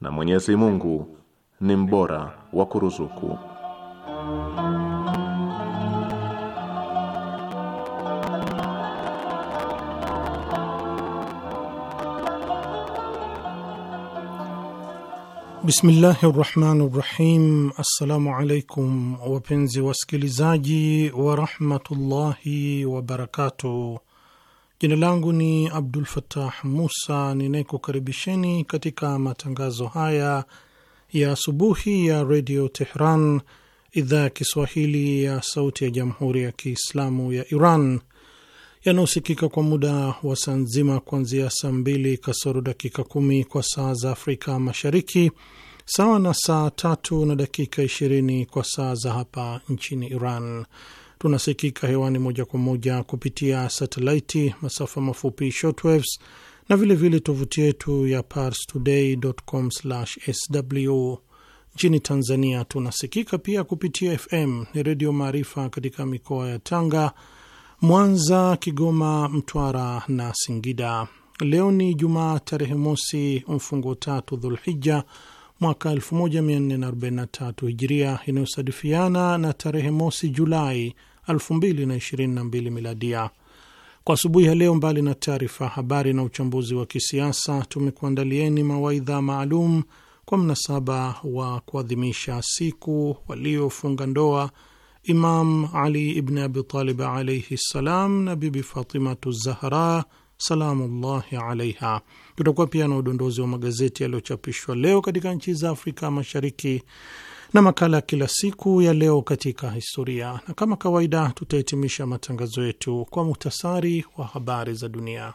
na Mwenyezi Mungu ni mbora wa kuruzuku. Bismillahi rahmani rahim. Assalamu alaikum wapenzi wasikilizaji warahmatullahi wabarakatuh. Jina langu ni Abdul Fatah Musa ninayekukaribisheni katika matangazo haya ya asubuhi ya redio Tehran, idhaa ya Kiswahili ya sauti ya jamhuri ya Kiislamu ya Iran, yanayosikika kwa muda wa saa nzima kuanzia saa mbili kasoro dakika kumi kwa saa za Afrika Mashariki, sawa na saa tatu na dakika ishirini kwa saa za hapa nchini Iran. Tunasikika hewani moja kwa moja kupitia satelaiti, masafa mafupi shortwaves, na vilevile tovuti yetu ya parstoday.com/sw. Nchini Tanzania tunasikika pia kupitia FM ni Redio Maarifa katika mikoa ya Tanga, Mwanza, Kigoma, Mtwara na Singida. Leo ni Jumaa tarehe mosi mfungo tatu Dhulhija mwaka 1443 Hijiria, inayosadifiana na tarehe mosi Julai 2022 miladia. Kwa asubuhi ya leo, mbali na taarifa ya habari na uchambuzi wa kisiasa, tumekuandalieni mawaidha maalum kwa mnasaba wa kuadhimisha siku waliofunga ndoa Imam Ali ibn Abi Talib alaihi ssalam na Bibi Fatimatu Zahra salamullahi alaiha. Tutakuwa pia na udondozi wa magazeti yaliyochapishwa leo katika nchi za Afrika Mashariki na makala ya kila siku ya leo katika historia, na kama kawaida tutahitimisha matangazo yetu kwa muhtasari wa habari za dunia.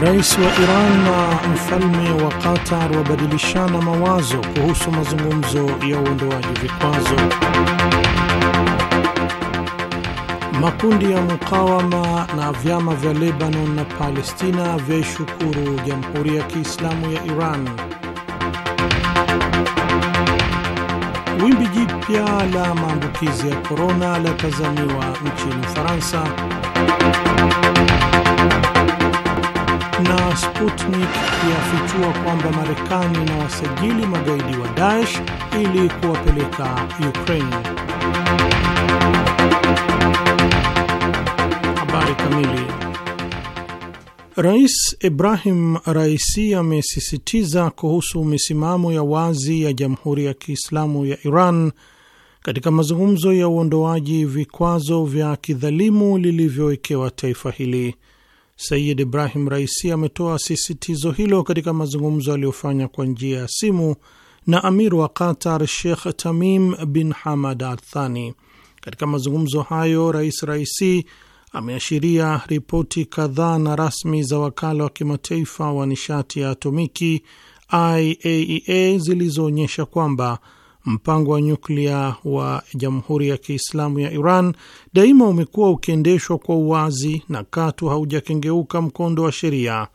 Rais wa Iran na mfalme wa Qatar wabadilishana mawazo kuhusu mazungumzo ya uondoaji vikwazo. Makundi ya mukawama na vyama vya Lebanon na Palestina vyaishukuru Jamhuri ya Kiislamu ya Iran. Wimbi jipya la maambukizi ya korona latazamiwa nchini Ufaransa na Sputnik yafichua kwamba Marekani inawasajili magaidi wa Daesh ili kuwapeleka Ukraine. Habari kamili. Rais Ibrahim Raisi amesisitiza kuhusu misimamo ya wazi ya Jamhuri ya Kiislamu ya Iran katika mazungumzo ya uondoaji vikwazo vya kidhalimu lilivyowekewa taifa hili. Sayid Ibrahim Raisi ametoa sisitizo hilo katika mazungumzo aliyofanya kwa njia ya simu na amir wa Qatar Sheikh Tamim bin Hamad Al Thani. Katika mazungumzo hayo, Rais Raisi ameashiria ripoti kadhaa na rasmi za wakala wa kimataifa wa nishati ya atomiki IAEA e zilizoonyesha kwamba Mpango wa nyuklia wa Jamhuri ya Kiislamu ya Iran daima umekuwa ukiendeshwa kwa uwazi na katu haujakengeuka mkondo wa sheria,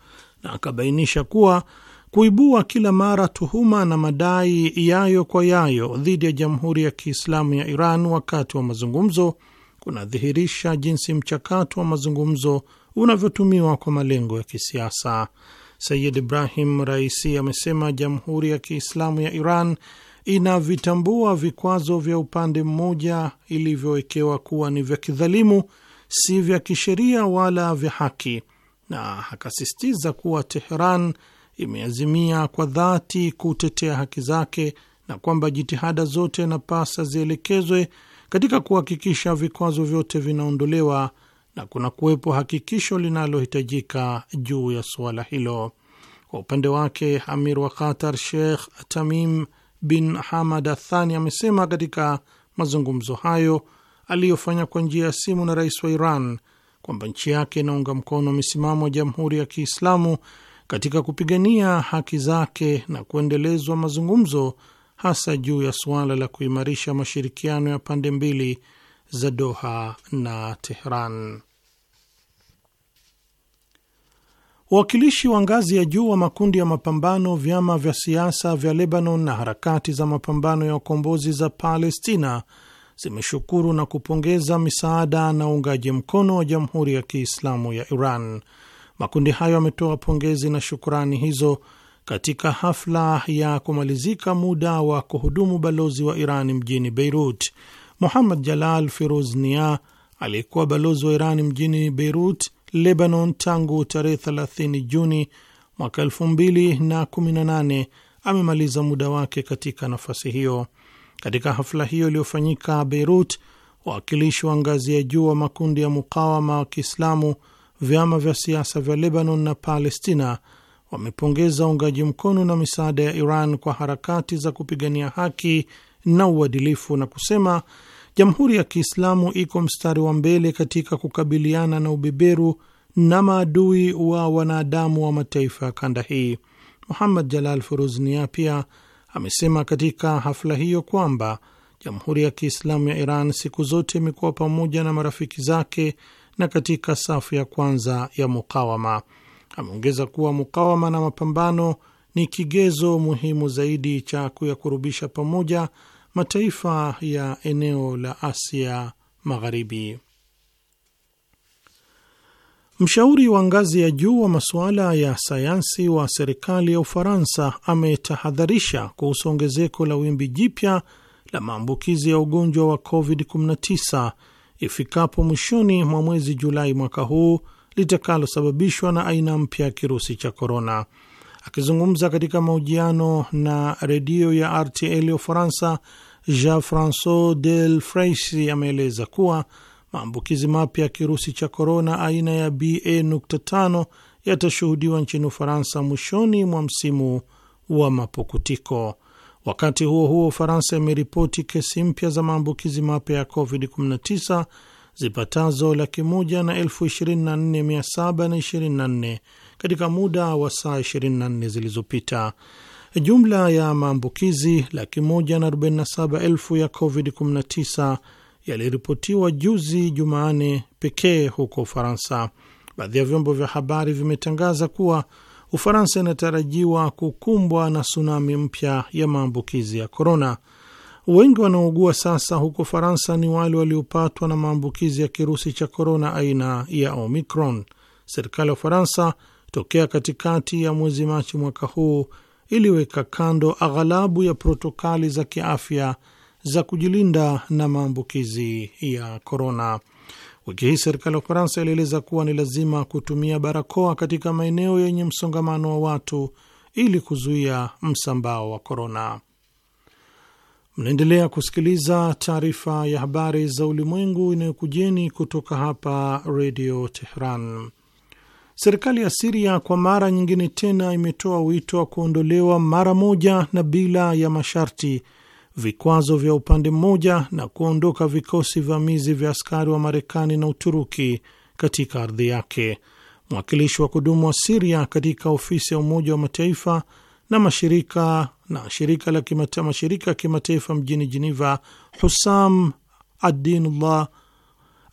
na akabainisha kuwa kuibua kila mara tuhuma na madai yayo kwa yayo dhidi ya Jamhuri ya Kiislamu ya Iran wakati wa mazungumzo kunadhihirisha jinsi mchakato wa mazungumzo unavyotumiwa kwa malengo ya kisiasa. Sayid Ibrahim Raisi amesema Jamhuri ya Kiislamu ya Iran inavitambua vikwazo vya upande mmoja ilivyowekewa kuwa ni vya kidhalimu, si vya kisheria wala vya haki, na akasisitiza kuwa Teheran imeazimia kwa dhati kutetea haki zake na kwamba jitihada zote napasa zielekezwe katika kuhakikisha vikwazo vyote vinaondolewa na kuna kuwepo hakikisho linalohitajika juu ya suala hilo. Kwa upande wake, Amir wa Qatar Sheikh Tamim bin Hamad Athani amesema katika mazungumzo hayo aliyofanya kwa njia ya simu na rais wa Iran kwamba nchi yake inaunga mkono misimamo ya Jamhuri ya Kiislamu katika kupigania haki zake na kuendelezwa mazungumzo hasa juu ya suala la kuimarisha mashirikiano ya pande mbili za Doha na Tehran. Wawakilishi wa ngazi ya juu wa makundi ya mapambano, vyama vya siasa vya Lebanon na harakati za mapambano ya ukombozi za Palestina zimeshukuru na kupongeza misaada na uungaji mkono wa Jamhuri ya Kiislamu ya Iran. Makundi hayo yametoa pongezi na shukrani hizo katika hafla ya kumalizika muda wa kuhudumu balozi wa Iran mjini Beirut. Muhammad Jalal Firuz Nia aliyekuwa balozi wa Iran mjini Beirut Lebanon tangu tarehe 30 Juni mwaka 2018 amemaliza muda wake katika nafasi hiyo. Katika hafla hiyo iliyofanyika Beirut, wawakilishi wa ngazi ya juu wa makundi ya mukawama wa Kiislamu, vyama vya siasa vya Lebanon na Palestina wamepongeza uungaji mkono na misaada ya Iran kwa harakati za kupigania haki na uadilifu na kusema Jamhuri ya Kiislamu iko mstari wa mbele katika kukabiliana na ubeberu na maadui wa wanadamu wa mataifa ya kanda hii. Muhammad Jalal Furuznia pia amesema katika hafla hiyo kwamba Jamhuri ya Kiislamu ya Iran siku zote imekuwa pamoja na marafiki zake na katika safu ya kwanza ya mukawama. Ameongeza kuwa mukawama na mapambano ni kigezo muhimu zaidi cha kuyakurubisha pamoja mataifa ya eneo la Asia Magharibi. Mshauri wa ngazi ya juu wa masuala ya sayansi wa serikali ya Ufaransa ametahadharisha kuhusu ongezeko la wimbi jipya la maambukizi ya ugonjwa wa COVID-19 ifikapo mwishoni mwa mwezi Julai mwaka huu litakalosababishwa na aina mpya ya kirusi cha korona. Akizungumza katika mahojiano na redio ya RTL ya Ufaransa, Jean Francois del Freixi ameeleza kuwa maambukizi mapya ya kirusi cha korona aina ya BA.5 yatashuhudiwa nchini Ufaransa mwishoni mwa msimu wa mapukutiko. Wakati huo huo, Ufaransa imeripoti kesi mpya za maambukizi mapya ya COVID-19 zipatazo laki moja na elfu ishirini na nne mia saba na ishirini na nne katika muda wa saa 24 zilizopita. Jumla ya maambukizi laki moja na saba elfu ya COVID-19 yaliripotiwa juzi Jumanne pekee huko Ufaransa. Baadhi ya vyombo vya habari vimetangaza kuwa Ufaransa inatarajiwa kukumbwa na tsunami mpya ya maambukizi ya korona. Wengi wanaougua sasa huko Ufaransa ni wale waliopatwa na maambukizi ya kirusi cha korona aina ya Omicron. Serikali ya Ufaransa tokea katikati ya mwezi Machi mwaka huu iliweka kando aghalabu ya protokali za kiafya za kujilinda na maambukizi ya korona. Wiki hii serikali ya Ufaransa ilieleza kuwa ni lazima kutumia barakoa katika maeneo yenye msongamano wa watu ili kuzuia msambao wa korona. Mnaendelea kusikiliza taarifa ya habari za ulimwengu inayokujeni kutoka hapa Redio Tehran. Serikali ya Siria kwa mara nyingine tena imetoa wito wa kuondolewa mara moja na bila ya masharti vikwazo vya upande mmoja na kuondoka vikosi vamizi vya askari wa Marekani na Uturuki katika ardhi yake. Mwakilishi wa kudumu wa Siria katika ofisi ya Umoja wa Mataifa na mashirika na shirika la kimata, mashirika ya kimataifa mjini Jeneva, Husam Adinullah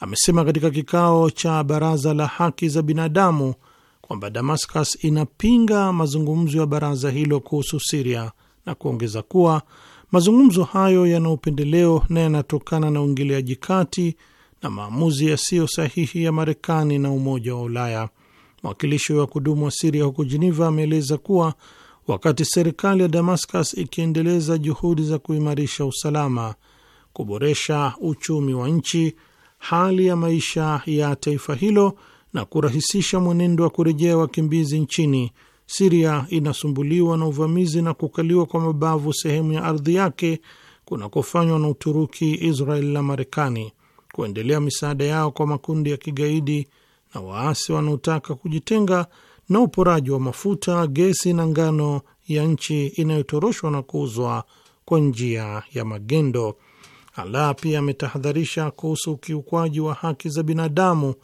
amesema katika kikao cha baraza la haki za binadamu kwamba Damascus inapinga mazungumzo ya baraza hilo kuhusu Siria na kuongeza kuwa mazungumzo hayo yana upendeleo na yanatokana na uingiliaji kati na maamuzi yasiyo sahihi ya Marekani na Umoja wa Ulaya. Mwakilishi wa kudumu wa Siria huko Jeneva ameeleza kuwa wakati serikali ya Damascus ikiendeleza juhudi za kuimarisha usalama, kuboresha uchumi wa nchi hali ya maisha ya taifa hilo na kurahisisha mwenendo wa kurejea wakimbizi nchini, Siria inasumbuliwa na uvamizi na kukaliwa kwa mabavu sehemu ya ardhi yake kunakofanywa na Uturuki, Israel na Marekani, kuendelea misaada yao kwa makundi ya kigaidi na waasi wanaotaka kujitenga na uporaji wa mafuta, gesi na ngano ya nchi inayotoroshwa na kuuzwa kwa njia ya magendo. Allah pia ametahadharisha kuhusu ukiukwaji wa haki za binadamu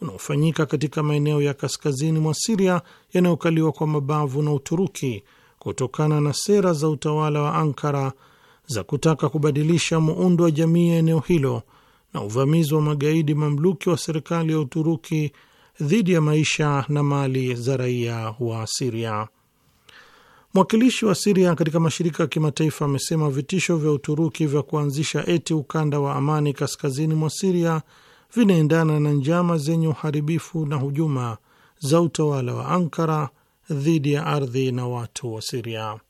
unaofanyika katika maeneo ya kaskazini mwa Siria yanayokaliwa kwa mabavu na Uturuki kutokana na sera za utawala wa Ankara za kutaka kubadilisha muundo wa jamii ya eneo hilo na uvamizi wa magaidi mamluki wa serikali ya Uturuki dhidi ya maisha na mali za raia wa Siria. Mwakilishi wa Siria katika mashirika ya kimataifa amesema vitisho vya Uturuki vya kuanzisha eti ukanda wa amani kaskazini mwa Siria vinaendana na njama zenye uharibifu na hujuma za utawala wa Ankara dhidi ya ardhi na watu wa Siria.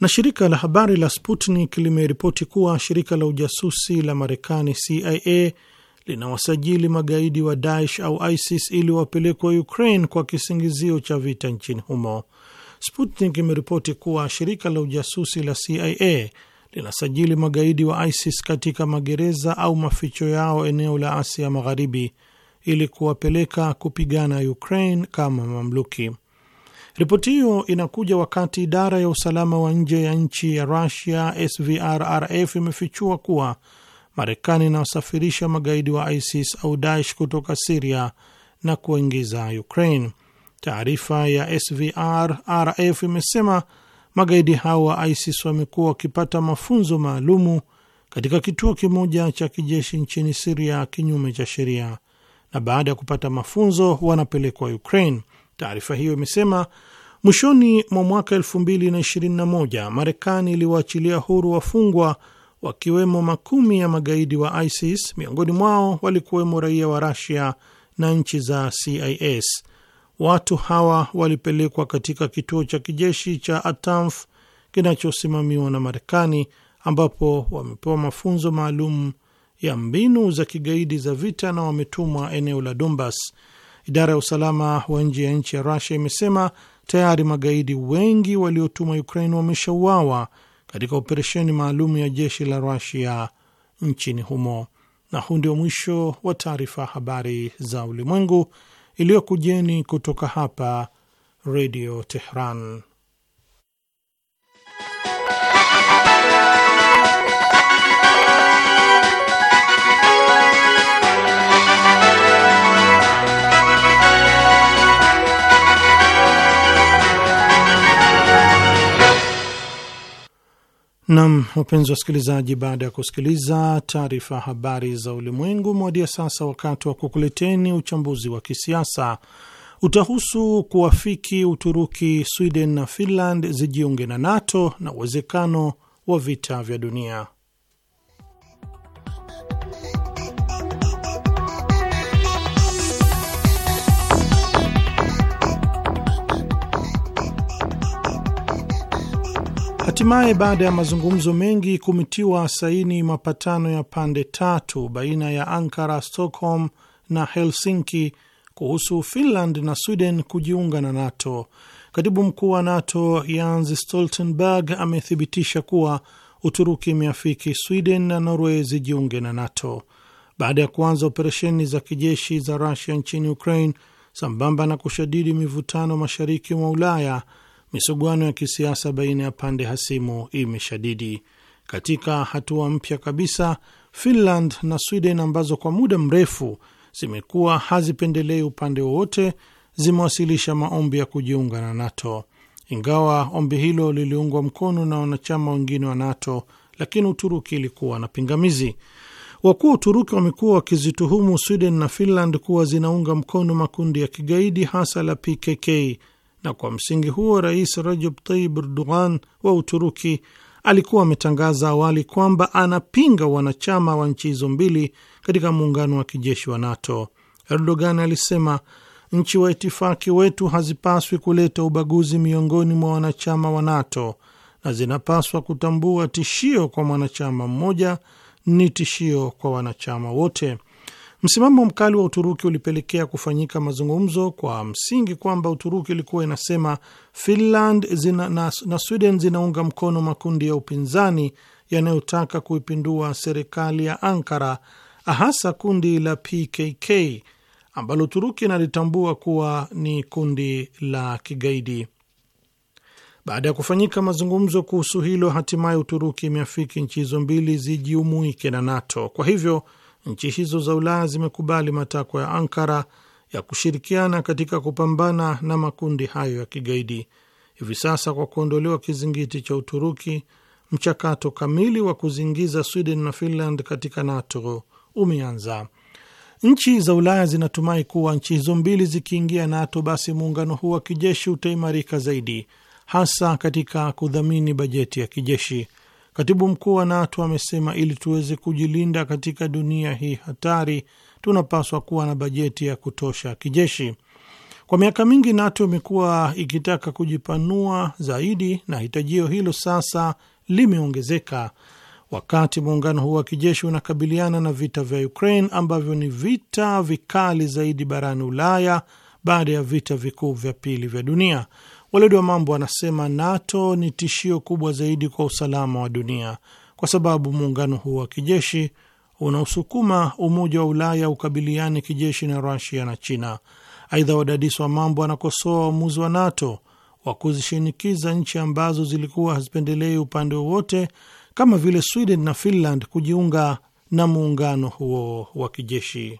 Na shirika la habari la Sputnik limeripoti kuwa shirika la ujasusi la Marekani CIA linawasajili magaidi wa Daesh au ISIS ili wapelekwe Ukraine kwa kisingizio cha vita nchini humo. Sputnik imeripoti kuwa shirika la ujasusi la CIA linasajili magaidi wa ISIS katika magereza au maficho yao eneo la Asia Magharibi ili kuwapeleka kupigana Ukraine kama mamluki. Ripoti hiyo inakuja wakati idara ya usalama wa nje ya nchi ya rusia SVRRF imefichua kuwa Marekani inawasafirisha magaidi wa ISIS au Daesh kutoka Siria na kuingiza Ukraine. Taarifa ya SVR RF imesema magaidi hao wa ISIS wamekuwa wakipata mafunzo maalumu katika kituo kimoja cha kijeshi nchini Siria kinyume cha sheria, na baada ya kupata mafunzo wanapelekwa Ukraine. Taarifa hiyo imesema mwishoni mwa mwaka 2021 Marekani iliwaachilia huru wafungwa wakiwemo makumi ya magaidi wa ISIS, miongoni mwao walikuwemo raia wa rasia na nchi za CIS. Watu hawa walipelekwa katika kituo cha kijeshi cha Atamf kinachosimamiwa na Marekani, ambapo wamepewa mafunzo maalum ya mbinu za kigaidi za vita na wametumwa eneo la Donbas. Idara ya usalama wa nje ya nchi ya Rusia imesema tayari magaidi wengi waliotumwa Ukraine wameshauawa katika operesheni maalum ya jeshi la Rusia nchini humo. Na huu ndio mwisho wa taarifa ya habari za ulimwengu iliyokujeni kutoka hapa Redio Tehran. Nam, wapenzi wasikilizaji, baada ya kusikiliza taarifa habari za ulimwengu, mwadia sasa wakati wa kukuleteni uchambuzi wa kisiasa. Utahusu kuwafiki Uturuki, Sweden na Finland zijiunge na NATO na uwezekano wa vita vya dunia. Hatimaye, baada ya mazungumzo mengi, kumetiwa saini mapatano ya pande tatu baina ya Ankara, Stockholm na Helsinki kuhusu Finland na Sweden kujiunga na NATO. Katibu mkuu wa NATO Jens Stoltenberg amethibitisha kuwa Uturuki imeafiki Sweden na Norway zijiunge na NATO baada ya kuanza operesheni za kijeshi za Rusia nchini Ukraine sambamba na kushadidi mivutano mashariki mwa Ulaya misuguano ya kisiasa baina ya pande hasimu imeshadidi. Katika hatua mpya kabisa, Finland na Sweden ambazo kwa muda mrefu zimekuwa hazipendelei upande wowote, zimewasilisha maombi ya kujiunga na NATO. Ingawa ombi hilo liliungwa mkono na wanachama wengine wa NATO, lakini Uturuki ilikuwa na pingamizi. Wakuu wa Uturuki wamekuwa wakizituhumu Sweden na Finland kuwa zinaunga mkono makundi ya kigaidi, hasa la PKK na kwa msingi huo Rais Recep Tayyip Erdogan wa Uturuki alikuwa ametangaza awali kwamba anapinga wanachama wa nchi hizo mbili katika muungano wa kijeshi wa NATO. Erdogan alisema nchi wa itifaki wetu hazipaswi kuleta ubaguzi miongoni mwa wanachama wa NATO na zinapaswa kutambua tishio kwa mwanachama mmoja ni tishio kwa wanachama wote. Msimamo mkali wa Uturuki ulipelekea kufanyika mazungumzo kwa msingi kwamba Uturuki ilikuwa inasema Finland zina, na, na Sweden zinaunga mkono makundi ya upinzani yanayotaka kuipindua serikali ya Ankara, hasa kundi la PKK ambalo Uturuki inalitambua kuwa ni kundi la kigaidi. Baada ya kufanyika mazungumzo kuhusu hilo, hatimaye Uturuki imeafiki nchi hizo mbili zijiumuike na NATO. Kwa hivyo nchi hizo za Ulaya zimekubali matakwa ya Ankara ya kushirikiana katika kupambana na makundi hayo ya kigaidi. Hivi sasa, kwa kuondolewa kizingiti cha Uturuki, mchakato kamili wa kuzingiza Sweden na Finland katika NATO umeanza. Nchi za Ulaya zinatumai kuwa nchi hizo mbili zikiingia NATO, basi muungano huu wa kijeshi utaimarika zaidi, hasa katika kudhamini bajeti ya kijeshi. Katibu mkuu wa NATO amesema ili tuweze kujilinda katika dunia hii hatari, tunapaswa kuwa na bajeti ya kutosha kijeshi. Kwa miaka mingi NATO imekuwa ikitaka kujipanua zaidi, na hitajio hilo sasa limeongezeka wakati muungano huu wa kijeshi unakabiliana na vita vya Ukraine ambavyo ni vita vikali zaidi barani Ulaya baada ya vita vikuu vya pili vya dunia. Waledi wa mambo anasema NATO ni tishio kubwa zaidi kwa usalama wa dunia kwa sababu muungano huo wa kijeshi unaosukuma Umoja wa Ulaya ukabiliane kijeshi na Rusia na China. Aidha, wadadisi wa mambo anakosoa uamuzi wa NATO wa kuzishinikiza nchi ambazo zilikuwa hazipendelei upande wowote kama vile Sweden na Finland kujiunga na muungano huo wa kijeshi.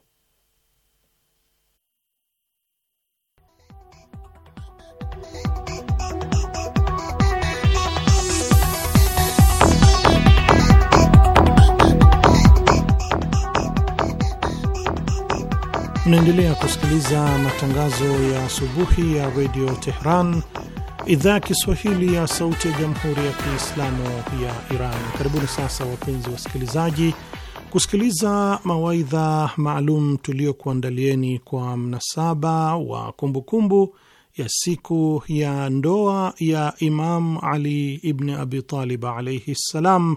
Mnaendelea kusikiliza matangazo ya asubuhi ya redio Tehran, idhaa ya Kiswahili ya sauti ya jamhuri ya kiislamu ya Iran. Karibuni sasa, wapenzi wasikilizaji, kusikiliza mawaidha maalum tuliyokuandalieni kwa mnasaba wa kumbukumbu kumbu ya siku ya ndoa ya Imam Ali ibn Abi Talib alaihi ssalam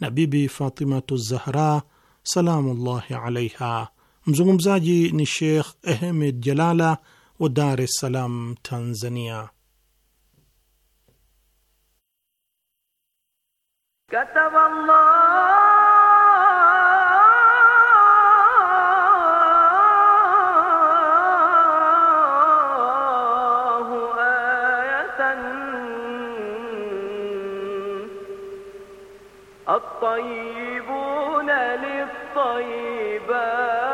na Bibi Fatimatu Zahra salamullahi alaiha Mzungumzaji ni Sheikh Ahmed Jalala wa Dar es Salaam, Tanzania. الطيبون للطيبات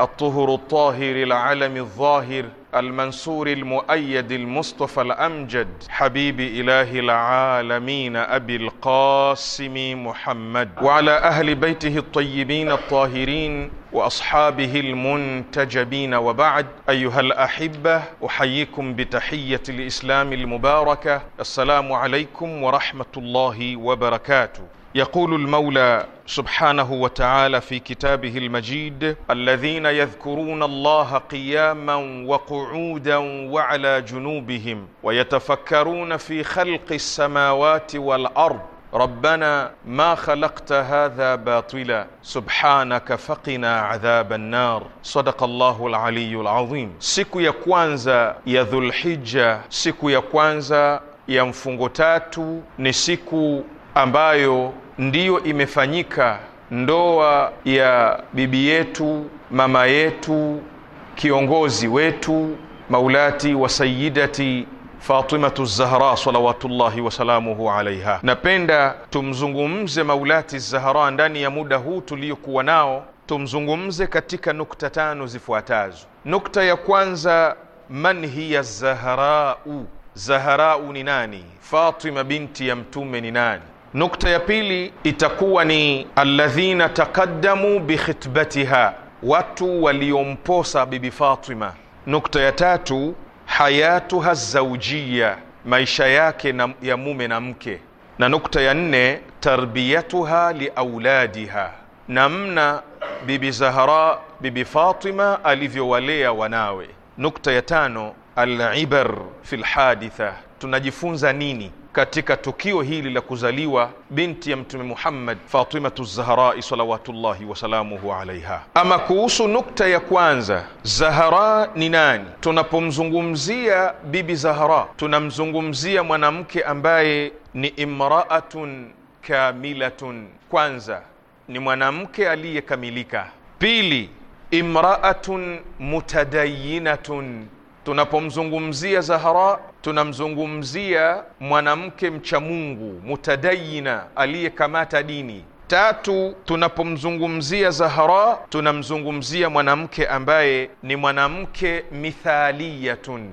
الطهر الطاهر العلم الظاهر المنصور المؤيد المصطفى الامجد حبيب اله العالمين ابي القاسم محمد وعلى اهل بيته الطيبين الطاهرين واصحابه المنتجبين وبعد ايها الاحبه احييكم بتحيه الاسلام المباركه السلام عليكم ورحمه الله وبركاته يقول المولى سبحانه وتعالى في كتابه المجيد الذين يذكرون الله قياما وقعودا وعلى جنوبهم ويتفكرون في خلق السماوات والارض ربنا ما خلقت هذا باطلا سبحانك فقنا عذاب النار صدق الله العلي العظيم siku يا كوانزا يا ذو الحجة ya يا كوانزا يا tatu ni siku ambayo ndiyo imefanyika ndoa ya bibi yetu, mama yetu, kiongozi wetu, maulati wa sayidati Fatimatu Zahra salawatullahi wasalamuhu alaiha. Napenda tumzungumze maulati Zahra ndani ya muda huu tuliokuwa nao, tumzungumze katika nukta tano zifuatazo. Nukta ya kwanza, man hiya Zahrau? Zahrau ni nani? Fatima binti ya Mtume ni nani? Nukta ya pili itakuwa ni alladhina taqaddamu bikhitbatiha, watu waliomposa Bibi Fatima. Nukta ya tatu hayatuha zaujiya, maisha yake na, ya mume na mke. Na nukta ya nne tarbiyatuha liauladiha, namna Bibi Zahra Bibi Fatima alivyowalea wanawe. Nukta ya tano alibar fi lhaditha, tunajifunza nini? katika tukio hili la kuzaliwa binti ya Mtume Muhammad Fatimatu Zahrai salawatullahi wasalamuhu alaiha. Ama kuhusu nukta ya kwanza, Zahara ni nani? Tunapomzungumzia Bibi Zahara tunamzungumzia mwanamke ambaye ni imraatun kamilatun, kwanza ni mwanamke aliyekamilika, pili imraatun mutadayinatun Tunapomzungumzia Zahara tunamzungumzia mwanamke mcha Mungu, mutadayina, aliyekamata dini. Tatu, tunapomzungumzia Zahara tunamzungumzia mwanamke ambaye ni mwanamke mithaliyatun,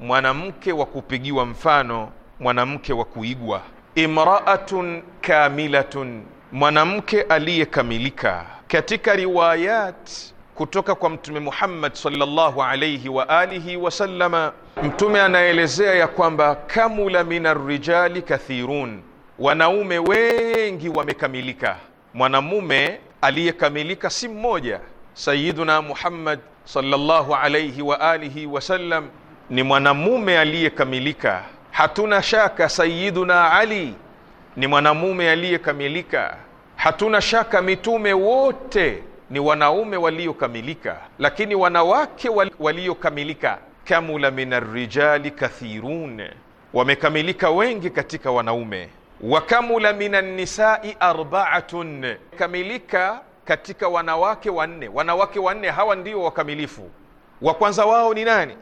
mwanamke wa kupigiwa mfano, mwanamke wa kuigwa. Imraatun kamilatun, mwanamke aliyekamilika. Katika riwayat kutoka kwa Mtume Muhammad sallallahu alayhi wa alihi sallama. Mtume anaelezea ya kwamba kamula minar rijali kathirun, wanaume wengi wamekamilika. Mwanamume aliyekamilika si mmoja. Sayyiduna Muhammad sallallahu alayhi wa alihi sallam ni mwanamume aliyekamilika. Hatuna shaka Sayyiduna Ali ni mwanamume aliyekamilika. Hatuna shaka mitume wote ni wanaume waliokamilika, lakini wanawake waliokamilika, kamula min arrijali kathirun, wamekamilika wengi katika wanaume. Wa kamula min annisai arbaatun, kamilika katika wanawake wanne. Wanawake wanne hawa ndio wakamilifu. Wa kwanza wao ni nani?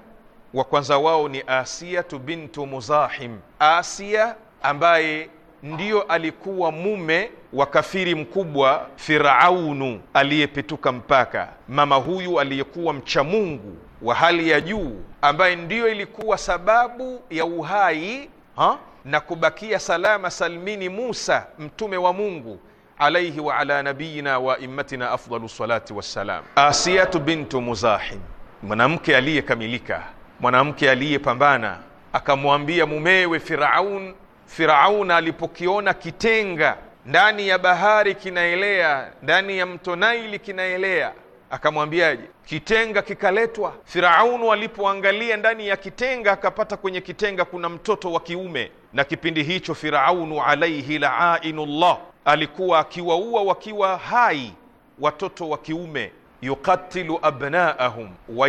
Wa kwanza wao ni Asiyatu bintu Muzahim, Asia ambaye ndiyo alikuwa mume wa kafiri mkubwa Firaunu aliyepetuka mpaka. Mama huyu aliyekuwa mcha Mungu wa hali ya juu, ambaye ndiyo ilikuwa sababu ya uhai ha? na kubakia salama salmini Musa mtume wa Mungu alaihi wa ala nabiyina wa immatina afdalu salati wassalam. Asiyatu bintu Muzahim, mwanamke aliyekamilika, mwanamke aliyepambana, akamwambia mumewe Firaun Firauna alipokiona kitenga ndani ya bahari kinaelea, ndani ya mto Naili kinaelea, akamwambiaje? Kitenga kikaletwa. Firaunu alipoangalia ndani ya kitenga, akapata kwenye kitenga kuna mtoto wa kiume, na kipindi hicho Firaunu alaihi laainullah alikuwa akiwaua wakiwa hai watoto wa kiume, yuqatilu abnaahum wa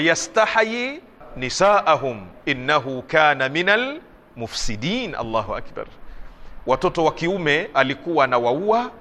nisaahum innahu kana minal mufsidin. Allahu akbar! Watoto wa kiume alikuwa anawaua,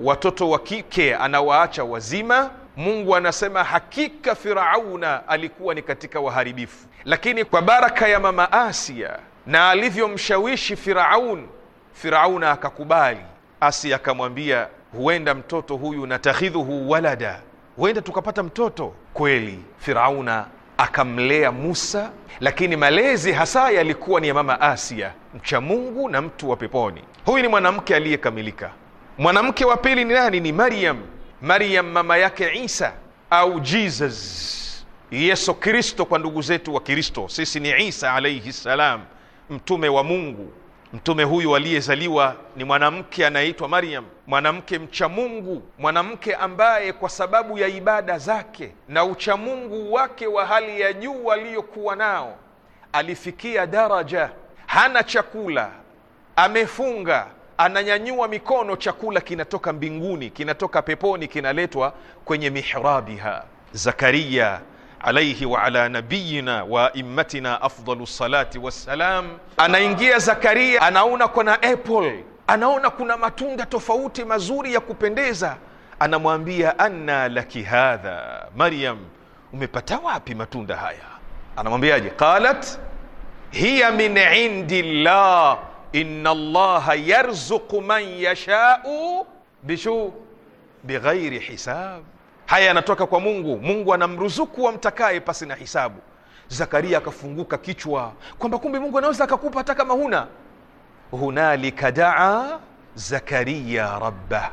watoto wa kike anawaacha wazima. Mungu anasema hakika Firauna alikuwa ni katika waharibifu, lakini kwa baraka ya mama Asia na alivyomshawishi Firaun, Firauna akakubali. Asia akamwambia, huenda mtoto huyu natakhidhuhu walada, huenda tukapata mtoto. Kweli Firauna akamlea Musa, lakini malezi hasa yalikuwa ni ya mama Asia, mcha Mungu na mtu wa peponi. Huyu ni mwanamke aliyekamilika. Mwanamke wa pili ni nani? Ni Maryam. Maryam mama yake Isa au Jesus, Yesu Kristo kwa ndugu zetu wa Kristo, sisi ni Isa alaihi ssalam, mtume wa Mungu. Mtume huyu aliyezaliwa ni mwanamke anayeitwa Maryam, mwanamke mcha Mungu, mwanamke ambaye kwa sababu ya ibada zake na uchamungu wake wa hali ya juu aliyokuwa nao alifikia daraja, hana chakula, amefunga, ananyanyua mikono, chakula kinatoka mbinguni, kinatoka peponi, kinaletwa kwenye mihrabiha. Zakaria alaihi wa ala nabiyina wa aimmatina afdalu salati wassalam. Anaingia Zakaria, anaona kuna apple, anaona kuna matunda tofauti mazuri ya kupendeza. Anamwambia, anna laki hadha Maryam, umepata wapi matunda haya? Anamwambiaje? qalat hiya min indi llah inna allaha yarzuqu man yashau bishu bighairi hisab haya yanatoka kwa Mungu. Mungu anamruzuku amtakaye pasi na hisabu. Zakaria akafunguka kichwa kwamba kumbe Mungu anaweza akakupa hata kama huna. Hunalika daa Zakaria rabba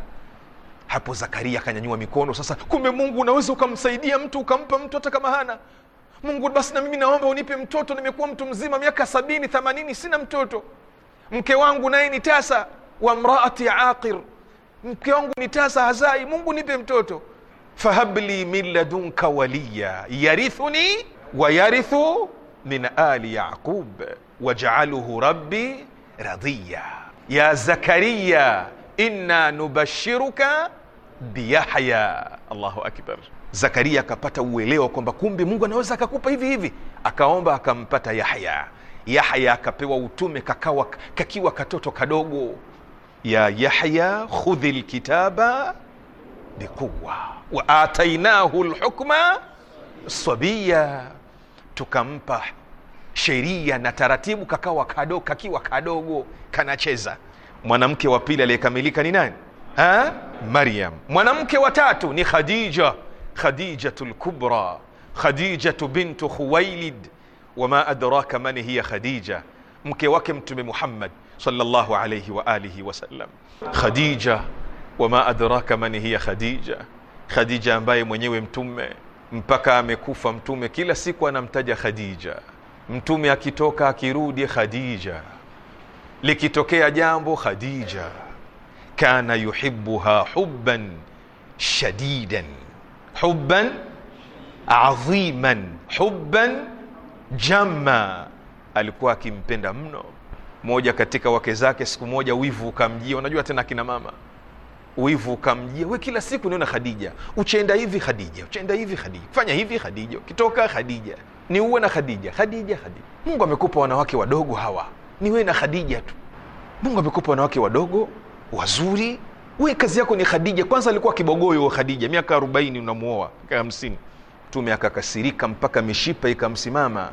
hapo Zakaria akanyanyua mikono. Sasa kumbe Mungu unaweza ukamsaidia mtu ukampa mtu hata kama hana. Mungu basi, na mimi naomba unipe mtoto, nimekuwa mtu mzima miaka sabini themanini, sina mtoto. Mke wangu naye ni tasa, wa mraati aqir, mke wangu ni tasa, hazai. Mungu nipe mtoto fahabli min ladunka waliya yarithuni wa min ali yaqub waj'alhu rabbi radiya. Ya Zakariya inna nubashiruka biyahya. Allahu akbar. Zakaria akapata uelewa kwamba kumbe Mungu anaweza akakupa hivi hivi, akaomba akampata Yahya. Yahya akapewa utume kakawa, kakiwa katoto kadogo. Ya Yahya khudhi lkitaba biquwa wa atainahu lhukma sabiya, tukampa sheria na taratibu, kakawa kadogo, kakiwa kadogo kanacheza. Mwanamke wa pili aliyekamilika ni nani? Ha? Maryam. Mwanamke wa tatu ni Khadija, Khadijatu lkubra, Khadijatu bintu Khuwailid. Wama adraka man hiya Khadija, mke wake Mtume Muhammad sallallahu alayhi wa alihi wasallam. Khadija, wama adraka man hiya Khadija. Khadija ambaye mwenyewe mtume mpaka amekufa mtume kila siku anamtaja Khadija, mtume akitoka akirudi Khadija, likitokea jambo Khadija. Kana yuhibbuha hubban shadidan, hubban adhiman, hubban jamma, alikuwa akimpenda mno. Moja katika wake zake siku moja wivu ukamjia, unajua tena kina mama Uivu ukamjia we, kila siku niona Khadija, uchenda hivi Khadija, uchenda hivi Khadija, fanya hivi Khadija, ukitoka Khadija, ni uwe na Khadija, Khadija, Khadija. Mungu amekupa wanawake wadogo hawa, ni we na Khadija tu. Mungu amekupa wanawake wadogo wazuri, we kazi yako ni Khadija. Kwanza alikuwa kibogoyo Khadija, miaka arobaini unamuoa miaka hamsini. Mtume akakasirika mpaka mishipa ikamsimama,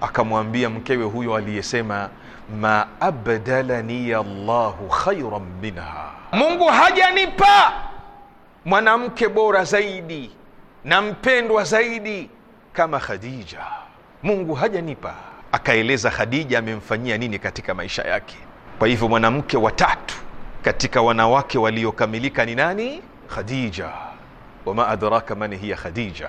akamwambia mkewe huyo aliyesema ma abdalani Allahu khairan minha, Mungu hajanipa mwanamke bora zaidi na mpendwa zaidi kama Khadija. Mungu hajanipa. Akaeleza Khadija amemfanyia nini katika maisha yake. Kwa hivyo mwanamke watatu katika wanawake waliokamilika ni nani? Khadija. Wama adraka man hiya Khadija,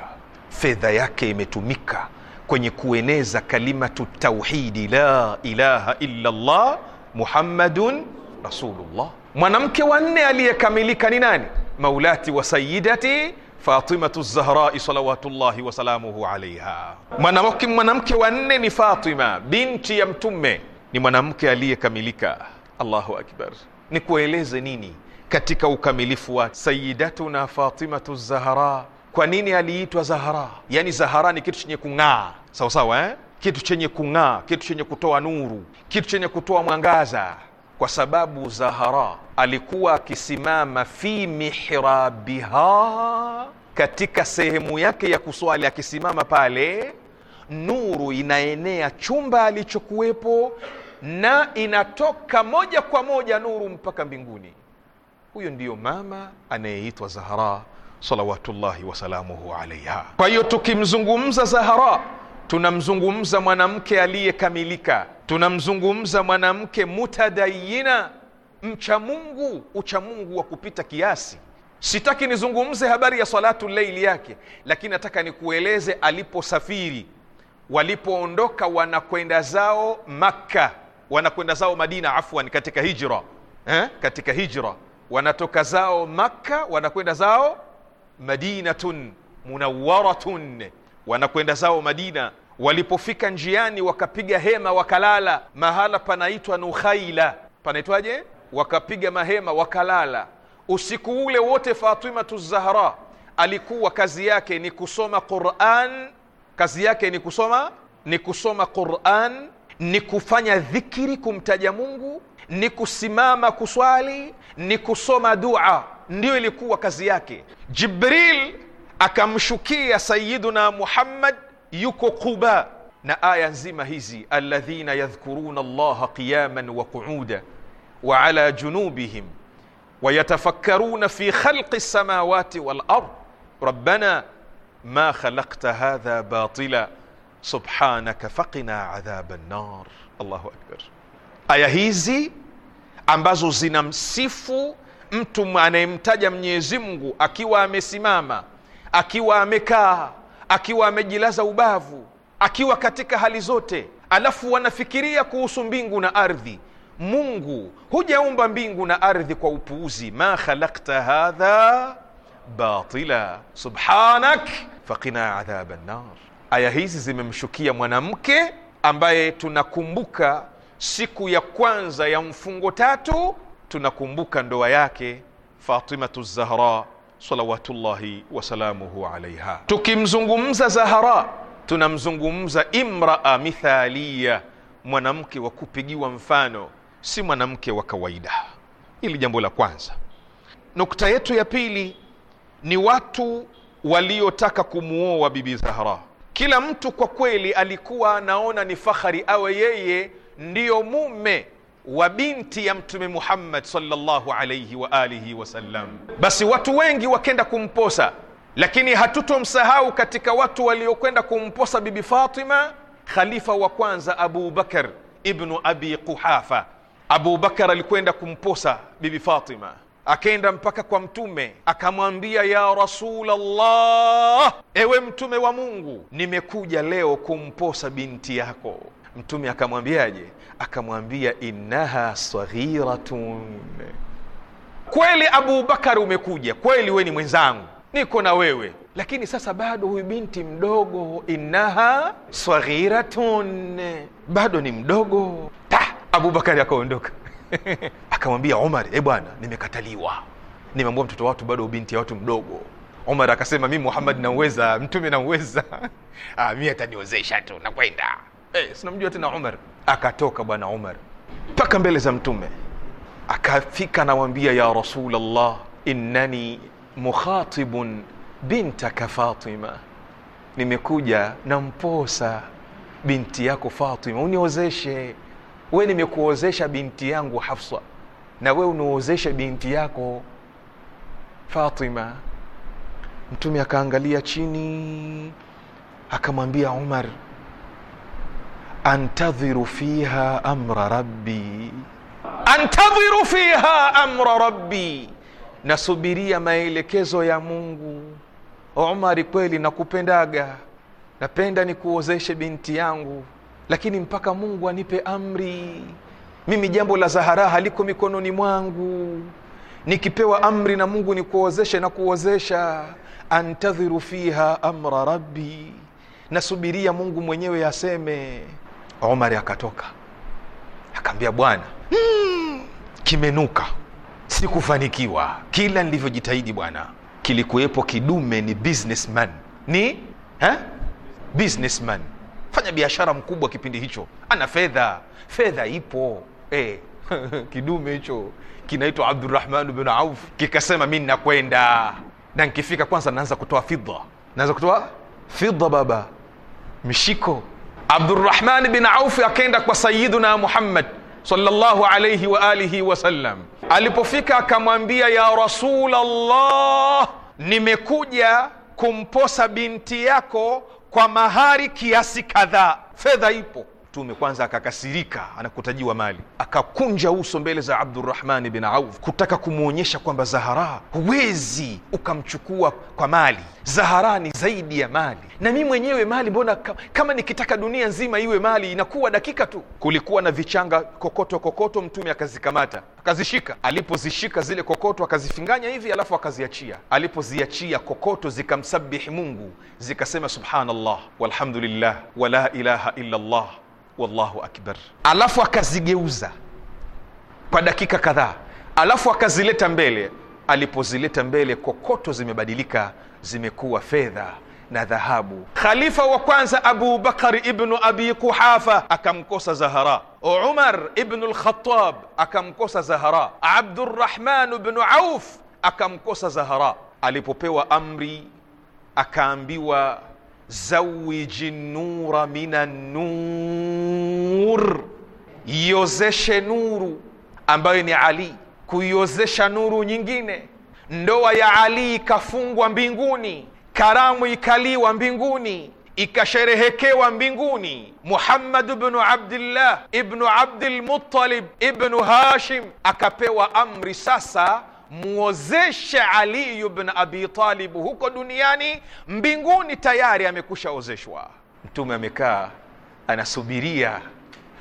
fedha yake imetumika kwenye kueneza kalimatu tauhidi la ilaha illa llah muhammadun rasulullah. Mwanamke wa nne aliyekamilika ni nani? Maulati wa sayidati Fatimatu Zahrai salawatullahi wasalamuhu alaiha. Mwanamke mwanamke wa nne ni Fatima binti ya Mtume, ni mwanamke aliyekamilika. Allahu akbar! ni kueleze nini katika ukamilifu wa sayidatuna Fatimatu Zahra kwa nini aliitwa Zahara? Yaani Zahara ni kitu chenye kung'aa, sawa sawa, eh? Kitu chenye kung'aa, kitu chenye kutoa nuru, kitu chenye kutoa mwangaza, kwa sababu Zahara alikuwa akisimama fi mihrabiha, katika sehemu yake ya kuswali, akisimama pale, nuru inaenea chumba alichokuwepo, na inatoka moja kwa moja nuru mpaka mbinguni. Huyo ndiyo mama anayeitwa Zahara salawatullahi wasalamuhu alaiha. Kwa hiyo tukimzungumza Zahara tunamzungumza mwanamke aliyekamilika, tunamzungumza mwanamke mutadayina, mcha Mungu, ucha Mungu wa kupita kiasi. Sitaki nizungumze habari ya salatu leili yake, lakini nataka nikueleze aliposafiri, walipoondoka wanakwenda zao Makka, wanakwenda zao Madina, afwan, katika hijra eh, katika hijra wanatoka zao Makka wanakwenda zao madinatun munawwaratun, wanakwenda zao Madina. Walipofika njiani, wakapiga hema wakalala mahala panaitwa Nukhaila. Panaitwaje? Wakapiga mahema wakalala. Usiku ule wote Fatimatu Zahra alikuwa kazi yake ni kusoma Quran, kazi yake ni kusoma ni kusoma Quran, ni kufanya dhikiri, kumtaja Mungu, ni kusimama kuswali, ni kusoma dua ndiyo ilikuwa kazi yake jibril akamshukia sayiduna muhammad yuko quba na aya nzima hizi alladhina yadhkuruna allaha qiyaman wa qu'uda wa ala junubihim ويتفكرون في خلق السماوات والارض rabbana ma khalaqta hadha batila subhanaka faqina adhaba nar. Allahu akbar. Aya hizi ambazo zinamsifu mtu anayemtaja Mwenyezi Mungu akiwa amesimama, akiwa amekaa, akiwa amejilaza ubavu, akiwa katika hali zote, alafu wanafikiria kuhusu mbingu na ardhi. Mungu, hujaumba mbingu na ardhi kwa upuuzi. ma khalaqta hadha batila subhanak faqina adhaban nar. Aya hizi zimemshukia mwanamke ambaye tunakumbuka siku ya kwanza ya mfungo tatu tunakumbuka ndoa yake Fatimatu Zahra salawatullahi wasalamuhu alaiha. Tukimzungumza Zahara tunamzungumza imraa mithalia, mwanamke wa kupigiwa mfano, si mwanamke wa kawaida. Hili jambo la kwanza. Nukta yetu ya pili ni watu waliotaka kumwoa Bibi Zahra. Kila mtu kwa kweli alikuwa anaona ni fahari awe yeye ndiyo mume wa binti ya Mtume Muhammad sallallahu alayhi wa alihi wasallam. Basi watu wengi wakenda kumposa, lakini hatutomsahau katika watu waliokwenda kumposa Bibi Fatima, khalifa wa kwanza Abu Bakar ibnu Abi Quhafa. Abu Bakar alikwenda kumposa Bibi Fatima, akaenda mpaka kwa Mtume akamwambia, ya Rasulullah, ewe Mtume wa Mungu, nimekuja leo kumposa binti yako. Mtume akamwambiaje? akamwambia innaha saghiratun, kweli Abubakari umekuja kweli, we ni mwenzangu, niko na wewe lakini sasa bado huyu binti mdogo, innaha saghiratun, bado ni mdogo. Ta, Abubakari akaondoka akamwambia Umar, e eh bwana, nimekataliwa, nimeambua mtoto watu bado binti ya watu mdogo. Umar akasema mi Muhammad nauweza, mtume nauweza. Ah, mi ataniwezesha tu, nakwenda hey, eh, sinamjua tena Umar. Akatoka bwana Umar mpaka mbele za Mtume, akafika anamwambia, ya Rasulullah, innani mukhatibun bintaka Fatima, nimekuja namposa binti yako Fatima, uniozeshe we. Nimekuozesha binti yangu Hafsa, na we uniozeshe binti yako Fatima. Mtume akaangalia chini akamwambia Umar antadhiru fiha amra rabbi, antadhiru fiha amra rabbi, nasubiria maelekezo ya Mungu. Umari, kweli nakupendaga, napenda nikuozeshe binti yangu, lakini mpaka Mungu anipe amri. Mimi jambo la Zahara haliko mikononi mwangu, nikipewa amri na Mungu nikuozeshe na kuozesha. Antadhiru fiha amra rabbi, nasubiria Mungu mwenyewe aseme. Omari akatoka akaambia, bwana mm, kimenuka, sikufanikiwa. Kila nilivyojitahidi bwana, kilikuwepo kidume, ni businessman, ni ha? businessman, fanya biashara mkubwa kipindi hicho, ana fedha, fedha ipo eh. kidume hicho kinaitwa Abdurrahman bin Auf kikasema, mi nakwenda na nkifika, kwanza naanza kutoa fidha, naanza kutoa fidha, baba mishiko Abdurrahman bin Auf akaenda kwa Sayyiduna Muhammad sallallahu alayhi wa alihi sallam. Alipofika akamwambia, ya Rasulullah, nimekuja kumposa binti yako kwa mahari kiasi kadhaa, fedha ipo Mtume kwanza akakasirika, anakutajiwa mali, akakunja uso mbele za Abdurrahmani bin Auf kutaka kumwonyesha kwamba Zahara huwezi ukamchukua kwa mali. Zahara ni zaidi ya mali, na mi mwenyewe mali, mbona kama nikitaka dunia nzima iwe mali inakuwa dakika tu. Kulikuwa na vichanga kokoto kokoto, Mtume akazikamata akazishika. Alipozishika zile kokoto akazifinganya hivi, alafu akaziachia. Alipoziachia kokoto zikamsabihi Mungu, zikasema subhanallah walhamdulillah wala ilaha illa wallahu akbar, alafu akazigeuza kwa dakika kadhaa, alafu akazileta mbele. Alipozileta mbele, kokoto zimebadilika, zimekuwa fedha na dhahabu. Khalifa wa kwanza Abu Bakari ibnu Abi Kuhafa akamkosa Zahara, Umar ibnu Lkhatab akamkosa Zahara, Abdurrahman bnu Auf akamkosa Zahara. Alipopewa amri akaambiwa zawiji nura mina nur, iozeshe nuru ambayo ni Ali, kuiozesha nuru nyingine. Ndoa ya Ali ikafungwa mbinguni, karamu ikaliwa mbinguni, ikasherehekewa mbinguni. Muhammad ibnu Abdillah ibnu Abdilmuttalib ibnu Hashim akapewa amri sasa muozeshe Aliyu bn Abi Talibu huko duniani, mbinguni tayari amekusha ozeshwa. Mtume amekaa anasubiria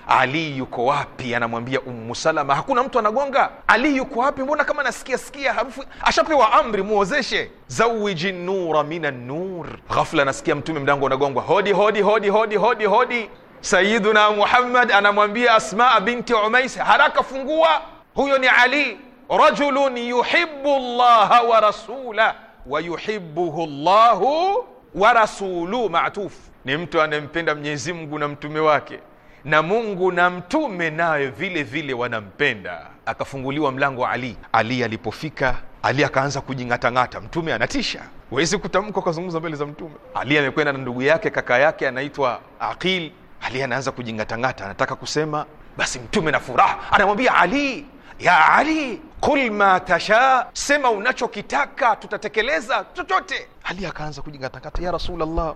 ali yuko wapi? Anamwambia Umu Salama, hakuna mtu anagonga. Ali yuko wapi? Mbona kama nasikia sikia harufu? Ashapewa amri, mwozeshe, zawiji nura min nur. Ghafla anasikia Mtume mdango unagongwa, hodi hodi hodi hodi hodi hodi. Sayiduna Muhammad anamwambia asmaa binti umaisi haraka fungua, huyo ni Ali rajulun yuhibbu llaha wa rasula wa yuhibbuhu llahu wa rasulu matufu, ni mtu anayempenda Mwenyezi Mungu na mtume wake na Mungu na mtume naye vile vile wanampenda. Akafunguliwa mlango wa Ali. Ali alipofika, Ali akaanza kujing'atang'ata, mtume anatisha, huwezi kutamka ukazungumza mbele za mtume. Ali amekwenda na ndugu yake, kaka yake anaitwa Aqil. Ali anaanza kujing'atang'ata, anataka kusema, basi mtume na furaha anamwambia Ali, ya Ali, kul ma tasha, sema unachokitaka tutatekeleza chochote. Ali akaanza kujingatangata, ya Rasulullah,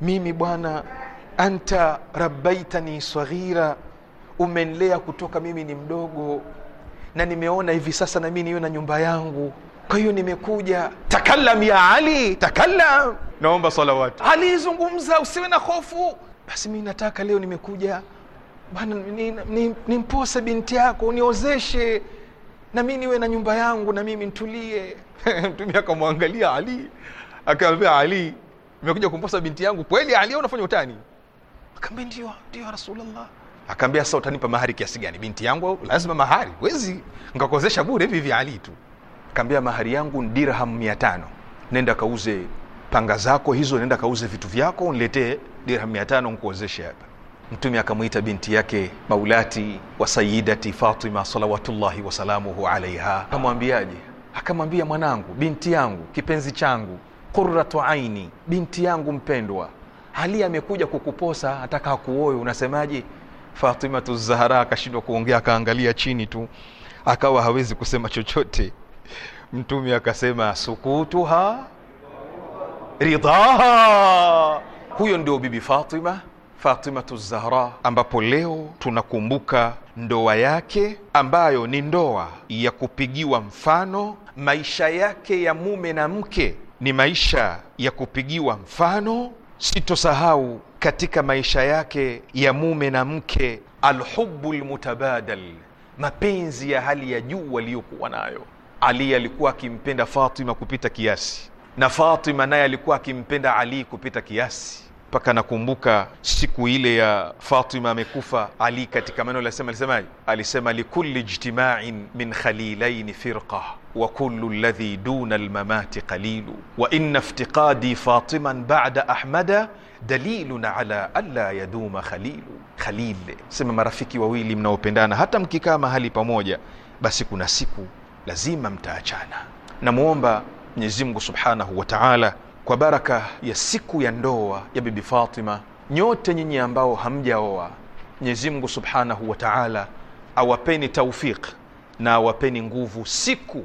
mimi bwana, anta rabbaitani saghira, umenlea kutoka mimi ni mdogo, na nimeona hivi sasa nami niwe na nyumba yangu kwa hiyo nimekuja. Takallam ya Ali, takallam, naomba salawati. Ali, zungumza, usiwe na hofu. Basi mi nataka leo nimekuja bwana nimpose ni, ni binti yako uniozeshe na mi niwe na nyumba yangu na mimi ntulie mtumia akamwangalia ali akaambia ali nimekuja kumposa binti yangu kweli ali unafanya utani akaambia ndio ndio rasulullah akaambia sasa utanipa mahari kiasi gani binti yangu lazima mahari wezi nikakozesha bure hivi hivi ali tu akaambia mahari yangu ni dirham 500 nenda kauze panga zako hizo nenda kauze vitu vyako uniletee dirham 500 nkuozeshe hapa mtume akamwita binti yake maulati wa sayidati Fatima salawatullahi wasalamuhu alaiha. Akamwambiaje? Akamwambia, mwanangu, binti yangu, kipenzi changu, qurratu aini, binti yangu mpendwa, hali amekuja kukuposa, ataka kuoyo, unasemaje? Fatimatu Zahara akashindwa kuongea, akaangalia chini tu, akawa hawezi kusema chochote. Mtume akasema sukutuha ridaha, huyo ndio bibi Fatima Fatimatu Zahra, ambapo leo tunakumbuka ndoa yake ambayo ni ndoa ya kupigiwa mfano. Maisha yake ya mume na mke ni maisha ya kupigiwa mfano. Sitosahau katika maisha yake ya mume na mke alhubu lmutabadal, mapenzi ya hali ya juu waliyokuwa nayo. Ali alikuwa akimpenda Fatima kupita kiasi na Fatima naye alikuwa akimpenda Ali kupita kiasi mpaka nakumbuka siku ile ya Fatima amekufa, Ali katika maneno alisema, alisemaje? Alisema likulli ijtima'in min khalilaini firqa wa kullu alladhi duna almamati qalilu wa inna iftiqadi fatiman ba'da ahmada dalilun ala alla yaduma khalilu khalil. Sema marafiki wawili mnaopendana, hata mkikaa mahali pamoja, basi kuna siku lazima mtaachana. Namwomba Mwenyezi Mungu subhanahu wa ta'ala kwa baraka ya siku ya ndoa ya Bibi Fatima, nyote nyinyi ambao hamjaoa, Mwenyezi Mungu Subhanahu wa Ta'ala awapeni taufiki na awapeni nguvu. Siku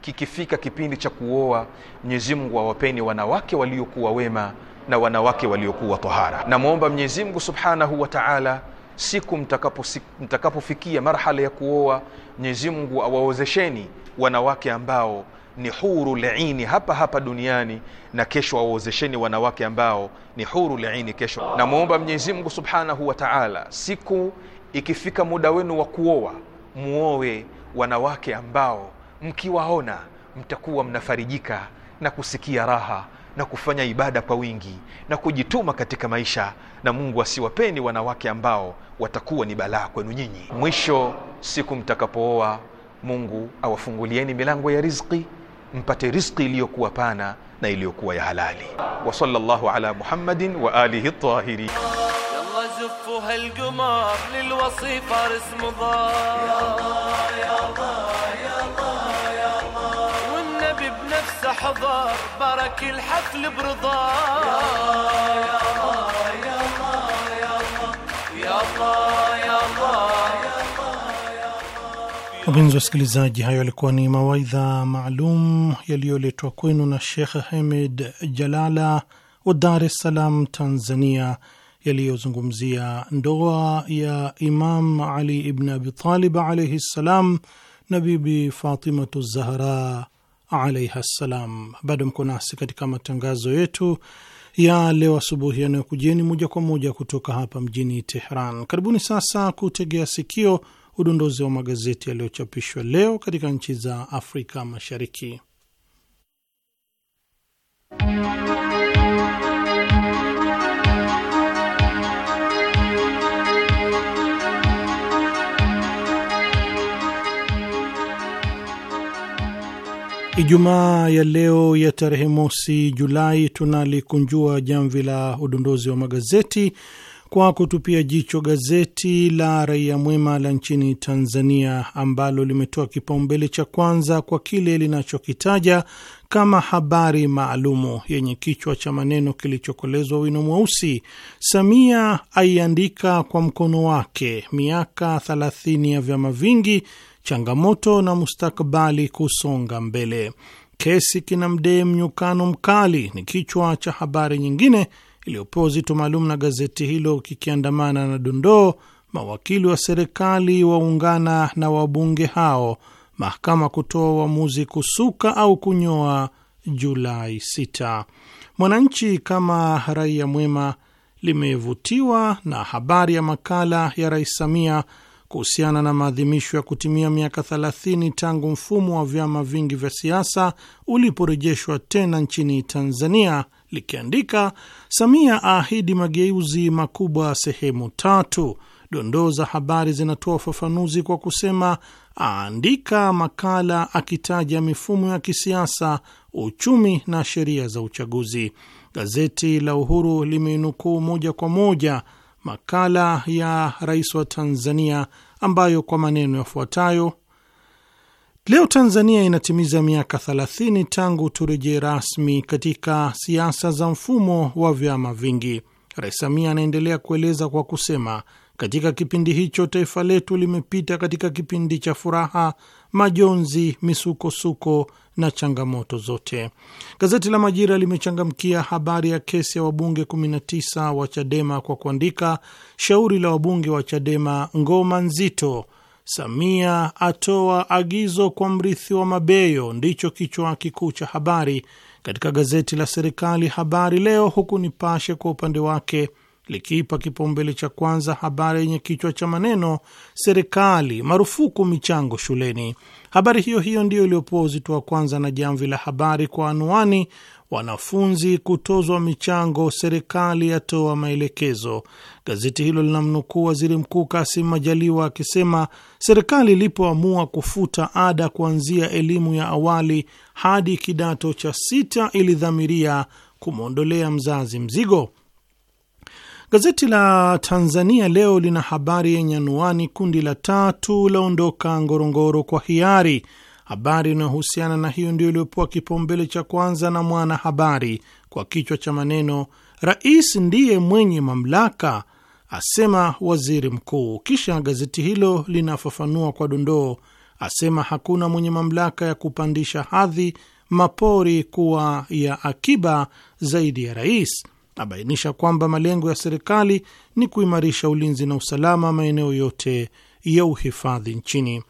kikifika kipindi cha kuoa, Mwenyezi Mungu awapeni wanawake waliokuwa wema na wanawake waliokuwa tahara Namwomba Mwenyezi Mungu Subhanahu wa Ta'ala siku mtakapofikia mtakapo marhala ya kuoa, Mwenyezi Mungu awaozesheni wanawake ambao ni huru laini hapa hapa duniani, na kesho waozesheni wanawake ambao ni huru laini kesho. Namwomba Mwenyezi Mungu Subhanahu wa Ta'ala, siku ikifika muda wenu wa kuoa, muoe wanawake ambao mkiwaona mtakuwa mnafarijika na kusikia raha na kufanya ibada kwa wingi na kujituma katika maisha, na Mungu asiwapeni wanawake ambao watakuwa ni balaa kwenu nyinyi. Mwisho siku mtakapooa, Mungu awafungulieni milango ya riziki mpate riski iliyokuwa pana na iliyokuwa ya halali. wa sallallahu ala Muhammadin wa alihi tahiri. يلا زفوا هالقمر للوصيفة رسم ضار يلا يلا Wapenzi wasikilizaji, hayo yalikuwa ni mawaidha maalum yaliyoletwa kwenu na Shekh Hemed Jalala wa Dar es Salaam, Tanzania, yaliyozungumzia ndoa ya Imam Ali ibn Abitalib alaihi ssalam na Bibi Fatimatu Zahra alaiha ssalam. Bado mko nasi katika matangazo yetu ya leo asubuhi yanayokujeni moja kwa moja kutoka hapa mjini Tehran. Karibuni sasa kutegea sikio udondozi wa magazeti yaliyochapishwa leo katika nchi za Afrika Mashariki. Ijumaa ya leo ya tarehe mosi Julai tunalikunjua jamvi la udondozi wa magazeti kwa kutupia jicho gazeti la Raia Mwema la nchini Tanzania ambalo limetoa kipaumbele cha kwanza kwa kile linachokitaja kama habari maalumu yenye kichwa cha maneno kilichokolezwa wino mweusi, Samia aiandika kwa mkono wake miaka 30 ya vyama vingi, changamoto na mustakabali kusonga mbele, kesi kina mdee mnyukano mkali ni kichwa cha habari nyingine iliyopewa uzito maalum na gazeti hilo kikiandamana na dondoo, mawakili wa serikali waungana na wabunge hao mahakama kutoa uamuzi kusuka au kunyoa Julai 6. Mwananchi kama raia mwema limevutiwa na habari ya makala ya Rais Samia kuhusiana na maadhimisho ya kutimia miaka 30 tangu mfumo wa vyama vingi vya siasa uliporejeshwa tena nchini Tanzania likiandika Samia aahidi mageuzi makubwa sehemu tatu. Dondoo za habari zinatoa ufafanuzi kwa kusema aandika makala akitaja mifumo ya kisiasa, uchumi na sheria za uchaguzi. Gazeti la Uhuru limeinukuu moja kwa moja makala ya rais wa Tanzania ambayo kwa maneno yafuatayo Leo Tanzania inatimiza miaka 30 tangu turejee rasmi katika siasa za mfumo wa vyama vingi. Rais Samia anaendelea kueleza kwa kusema, katika kipindi hicho taifa letu limepita katika kipindi cha furaha, majonzi, misukosuko na changamoto zote. Gazeti la Majira limechangamkia habari ya kesi ya wabunge 19 wa Chadema kwa kuandika, shauri la wabunge wa Chadema ngoma nzito Samia atoa agizo kwa mrithi wa Mabeyo, ndicho kichwa kikuu cha habari katika gazeti la serikali Habari Leo, huku Nipashe kwa upande wake likiipa kipaumbele cha kwanza habari yenye kichwa cha maneno serikali marufuku michango shuleni. Habari hiyo hiyo ndiyo iliyopewa uzito wa kwanza na Jamvi la Habari kwa anwani wanafunzi kutozwa michango, serikali yatoa maelekezo. Gazeti hilo linamnukuu waziri mkuu Kasim Majaliwa akisema serikali ilipoamua kufuta ada kuanzia elimu ya awali hadi kidato cha sita ilidhamiria kumwondolea mzazi mzigo. Gazeti la Tanzania Leo lina habari yenye anuani, kundi la tatu laondoka Ngorongoro kwa hiari Habari inayohusiana na hiyo ndio iliyopewa kipaumbele cha kwanza na Mwanahabari kwa kichwa cha maneno, Rais ndiye mwenye mamlaka asema waziri mkuu. Kisha gazeti hilo linafafanua kwa dondoo, asema hakuna mwenye mamlaka ya kupandisha hadhi mapori kuwa ya akiba zaidi ya rais. Abainisha kwamba malengo ya serikali ni kuimarisha ulinzi na usalama maeneo yote ya uhifadhi nchini.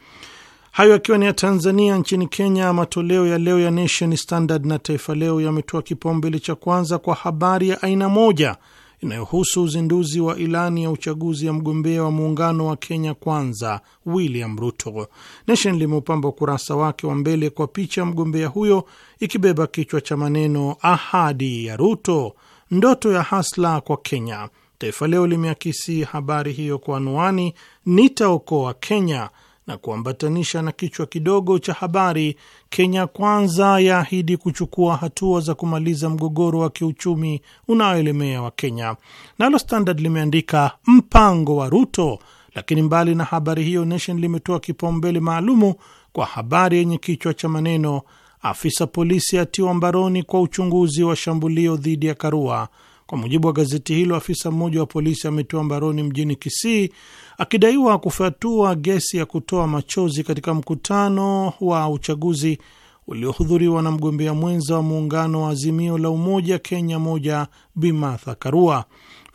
Hayo akiwa ni ya Tanzania. Nchini Kenya, matoleo ya leo ya Nation, Standard na Taifa Leo yametoa kipaumbele cha kwanza kwa habari ya aina moja inayohusu uzinduzi wa ilani ya uchaguzi ya mgombea wa muungano wa Kenya Kwanza William Ruto. Nation limeupamba ukurasa wake wa mbele kwa picha ya mgombea huyo ikibeba kichwa cha maneno ahadi ya Ruto, ndoto ya hasla kwa Kenya. Taifa Leo limeakisi habari hiyo kwa anwani nitaokoa Kenya, na kuambatanisha na kichwa kidogo cha habari, Kenya Kwanza yaahidi kuchukua hatua za kumaliza mgogoro wa kiuchumi unaoelemea wa Kenya. Nalo Standard limeandika mpango wa Ruto, lakini mbali na habari hiyo, Nation limetoa kipaumbele maalumu kwa habari yenye kichwa cha maneno afisa polisi atiwa mbaroni kwa uchunguzi wa shambulio dhidi ya Karua kwa mujibu wa gazeti hilo, afisa mmoja wa polisi ametoa mbaroni mjini Kisii akidaiwa kufatua gesi ya kutoa machozi katika mkutano wa uchaguzi uliohudhuriwa na mgombea mwenza wa muungano wa Azimio la Umoja Kenya moja bimatha Karua.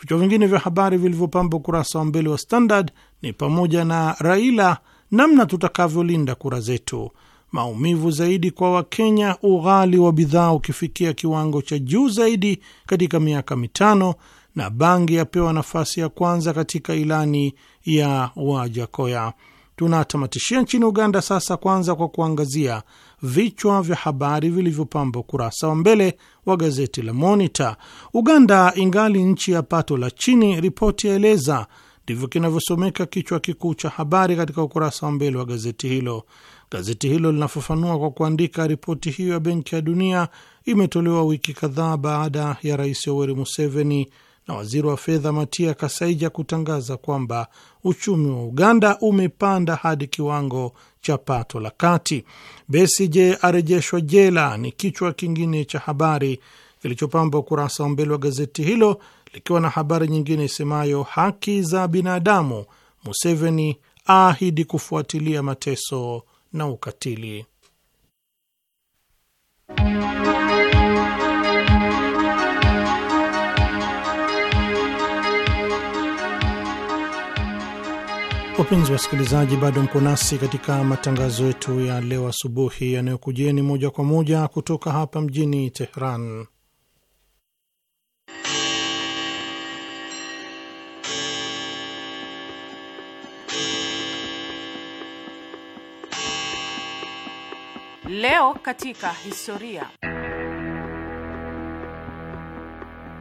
Vichwa vingine vya habari vilivyopamba ukurasa wa mbele wa Standard ni pamoja na Raila, namna tutakavyolinda kura zetu maumivu zaidi kwa Wakenya, ughali wa bidhaa ukifikia kiwango cha juu zaidi katika miaka mitano, na bangi yapewa nafasi ya kwanza katika ilani ya Wajakoya. Tunatamatishia nchini Uganda sasa, kwanza kwa kuangazia vichwa vya habari vilivyopamba ukurasa wa mbele wa gazeti la Monitor. Uganda ingali nchi ya pato la chini, ripoti yaeleza, ndivyo kinavyosomeka kichwa kikuu cha habari katika ukurasa wa mbele wa gazeti hilo. Gazeti hilo linafafanua kwa kuandika, ripoti hiyo ya Benki ya Dunia imetolewa wiki kadhaa baada ya Rais Yoweri Museveni na waziri wa fedha Matia Kasaija kutangaza kwamba uchumi wa Uganda umepanda hadi kiwango cha pato la kati. Besigye arejeshwa jela ni kichwa kingine cha habari kilichopamba ukurasa wa mbele wa gazeti hilo, likiwa na habari nyingine isemayo haki za binadamu, Museveni aahidi kufuatilia mateso na ukatili. Wapenzi wa wasikilizaji, bado mko nasi katika matangazo yetu ya leo asubuhi yanayokujieni moja kwa moja kutoka hapa mjini Tehran. Leo katika historia.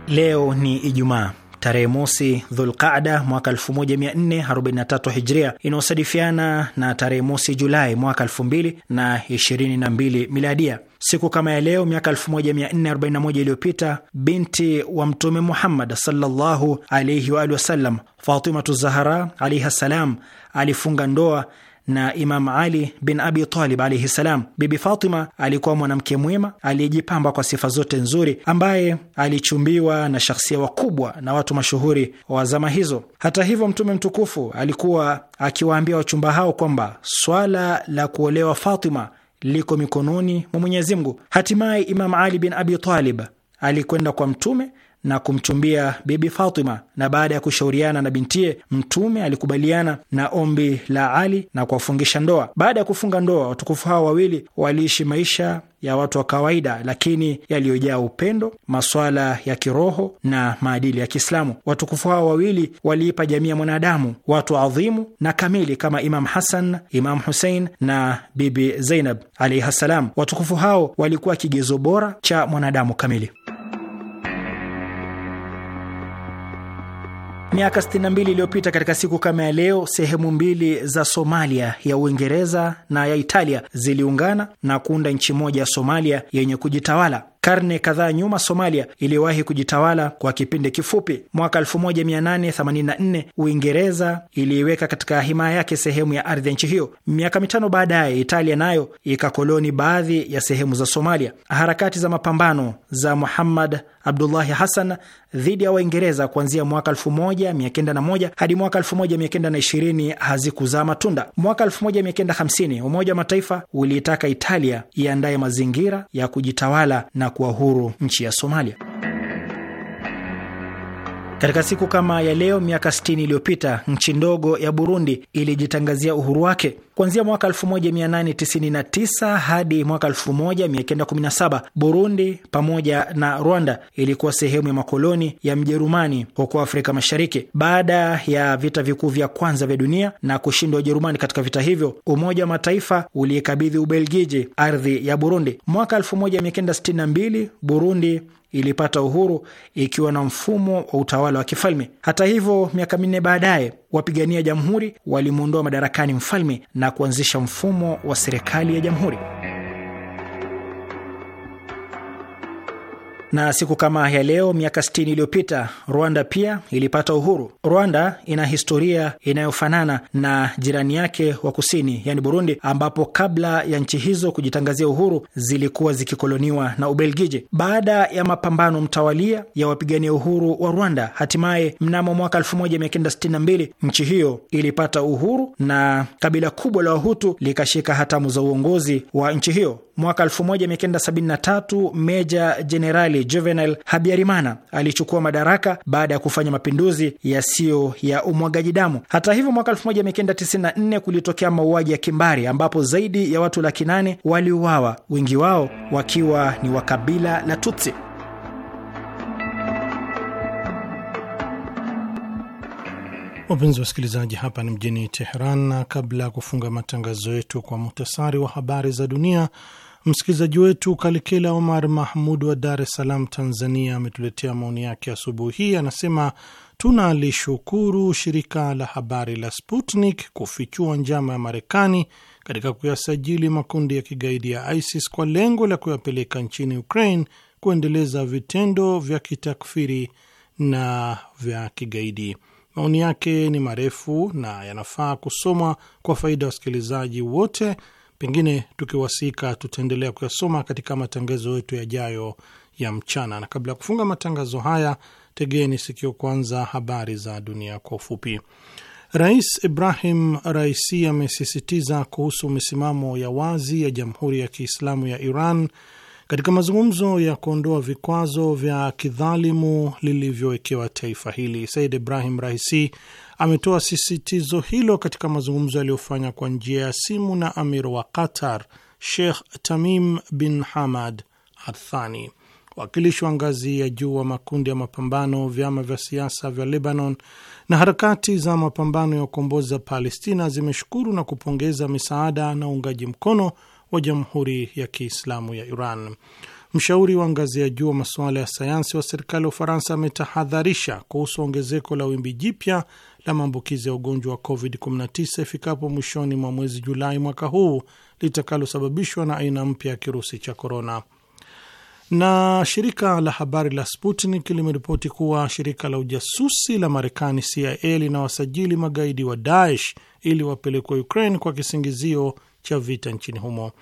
Leo ni Ijumaa tarehe mosi Dhulqaada mwaka 1443 Hijria, inayosadifiana na tarehe mosi Julai mwaka 2022 Miladia. Siku kama ya leo miaka 1441 iliyopita binti wa Mtume Muhammad sallallahu alaihi wa alihi wasallam Fatimatu Zahara alaihi ssalam alifunga ndoa na Imam Ali bin Abi Talib alaihi salam. Bibi Fatima alikuwa mwanamke mwema aliyejipamba kwa sifa zote nzuri, ambaye alichumbiwa na shakhsia wakubwa na watu mashuhuri wa zama hizo. Hata hivyo, Mtume mtukufu alikuwa akiwaambia wachumba hao kwamba swala la kuolewa Fatima liko mikononi mwa Mwenyezi Mungu. Hatimaye Imam Ali bin Abi Talib alikwenda kwa Mtume na kumchumbia Bibi Fatima, na baada ya kushauriana na bintiye, Mtume alikubaliana na ombi la Ali na kuwafungisha ndoa. Baada ya kufunga ndoa, watukufu hao wawili waliishi maisha ya watu wa kawaida lakini yaliyojaa upendo, maswala ya kiroho na maadili ya Kiislamu. Watukufu hao wawili waliipa jamii ya mwanadamu watu adhimu na kamili kama Imam Hasan, Imam Husein na Bibi Zainab alaihi ssalam. Watukufu hao walikuwa kigezo bora cha mwanadamu kamili. Miaka 62 iliyopita katika siku kama ya leo, sehemu mbili za Somalia ya Uingereza na ya Italia ziliungana na kuunda nchi moja ya Somalia yenye kujitawala. Karne kadhaa nyuma, Somalia iliwahi kujitawala kwa kipindi kifupi. Mwaka 1884 Uingereza iliiweka katika himaya yake sehemu ya ardhi ya nchi hiyo. Miaka mitano baadaye, Italia nayo ikakoloni baadhi ya sehemu za Somalia. Harakati za mapambano za Muhammad Abdullahi Hassan dhidi ya Waingereza kuanzia mwaka 1901 hadi mwaka 1920 hazikuzaa matunda. Mwaka 1950 Umoja wa Mataifa uliitaka Italia iandaye mazingira ya kujitawala na kuwa huru nchi ya Somalia. Katika siku kama ya leo miaka 60 iliyopita nchi ndogo ya Burundi ilijitangazia uhuru wake. Kuanzia mwaka 1899 hadi mwaka 1917 Burundi pamoja na Rwanda ilikuwa sehemu ya makoloni ya Mjerumani huko Afrika Mashariki. Baada ya vita vikuu vya kwanza vya dunia na kushindwa Ujerumani katika vita hivyo, Umoja wa Mataifa uliikabidhi Ubelgiji ardhi ya Burundi. Mwaka 1962 Burundi ilipata uhuru ikiwa na mfumo wa utawala wa kifalme. Hata hivyo, miaka minne baadaye wapigania jamhuri walimwondoa madarakani mfalme na kuanzisha mfumo wa serikali ya jamhuri. na siku kama ya leo miaka 60 iliyopita Rwanda pia ilipata uhuru. Rwanda ina historia inayofanana na jirani yake wa kusini, yani Burundi, ambapo kabla ya nchi hizo kujitangazia uhuru zilikuwa zikikoloniwa na Ubelgiji. Baada ya mapambano mtawalia ya wapigania uhuru wa Rwanda, hatimaye mnamo mwaka 1962 nchi hiyo ilipata uhuru na kabila kubwa la Wahutu likashika hatamu za uongozi wa nchi hiyo. Mwaka 1973 meja jenerali Juvenal Habyarimana alichukua madaraka baada ya kufanya mapinduzi yasiyo ya, ya umwagaji damu. Hata hivyo, mwaka 1994 kulitokea mauaji ya kimbari ambapo zaidi ya watu laki nane waliuawa, wengi wao wakiwa ni wa kabila la Tutsi. Wapenzi wa wasikilizaji, hapa ni mjini Teheran, na kabla ya kufunga matangazo yetu kwa muhtasari wa habari za dunia Msikilizaji wetu kalikela Omar Mahmud wa Dar es Salaam, Tanzania, ametuletea maoni yake asubuhi hii. Anasema tunalishukuru shirika la habari la Sputnik kufichua njama ya Marekani katika kuyasajili makundi ya kigaidi ya ISIS kwa lengo la kuyapeleka nchini Ukraine kuendeleza vitendo vya kitakfiri na vya kigaidi. Maoni yake ni marefu na yanafaa kusomwa kwa faida ya wasikilizaji wote, Pengine tukiwasika tutaendelea kuyasoma katika matangazo yetu yajayo ya mchana, na kabla ya kufunga matangazo haya, tegeni sikio kwanza habari za dunia kwa ufupi. Rais Ibrahim Raisi amesisitiza kuhusu misimamo ya wazi ya Jamhuri ya Kiislamu ya Iran katika mazungumzo ya kuondoa vikwazo vya kidhalimu lilivyowekewa taifa hili. Said Ibrahim Raisi ametoa sisitizo hilo katika mazungumzo aliyofanya kwa njia ya simu na amir wa Qatar, Sheikh Tamim bin Hamad Athani. Wakilishi wa ngazi ya juu wa makundi ya mapambano, vyama vya siasa vya Lebanon na harakati za mapambano ya ukombozi Palestina zimeshukuru na kupongeza misaada na uungaji mkono wa Jamhuri ya Kiislamu ya Iran. Mshauri wa ngazi ya juu wa masuala ya sayansi wa serikali ya Ufaransa ametahadharisha kuhusu ongezeko la wimbi jipya la maambukizi ya ugonjwa wa COVID-19 ifikapo mwishoni mwa mwezi Julai mwaka huu litakalosababishwa na aina mpya ya kirusi cha korona. Na shirika la habari la Sputnik limeripoti kuwa shirika la ujasusi la Marekani CIA linawasajili magaidi wa Daesh ili wapelekwe Ukraine kwa kisingizio cha vita nchini humo.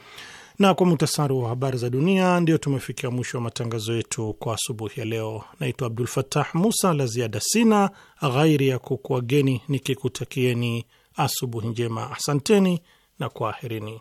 Na kwa muhtasari wa habari za dunia, ndio tumefikia mwisho wa matangazo yetu kwa asubuhi ya leo. Naitwa Abdul fatah Musa. La ziada sina ghairi ya kukuageni nikikutakieni asubuhi njema. Asanteni na kwaherini.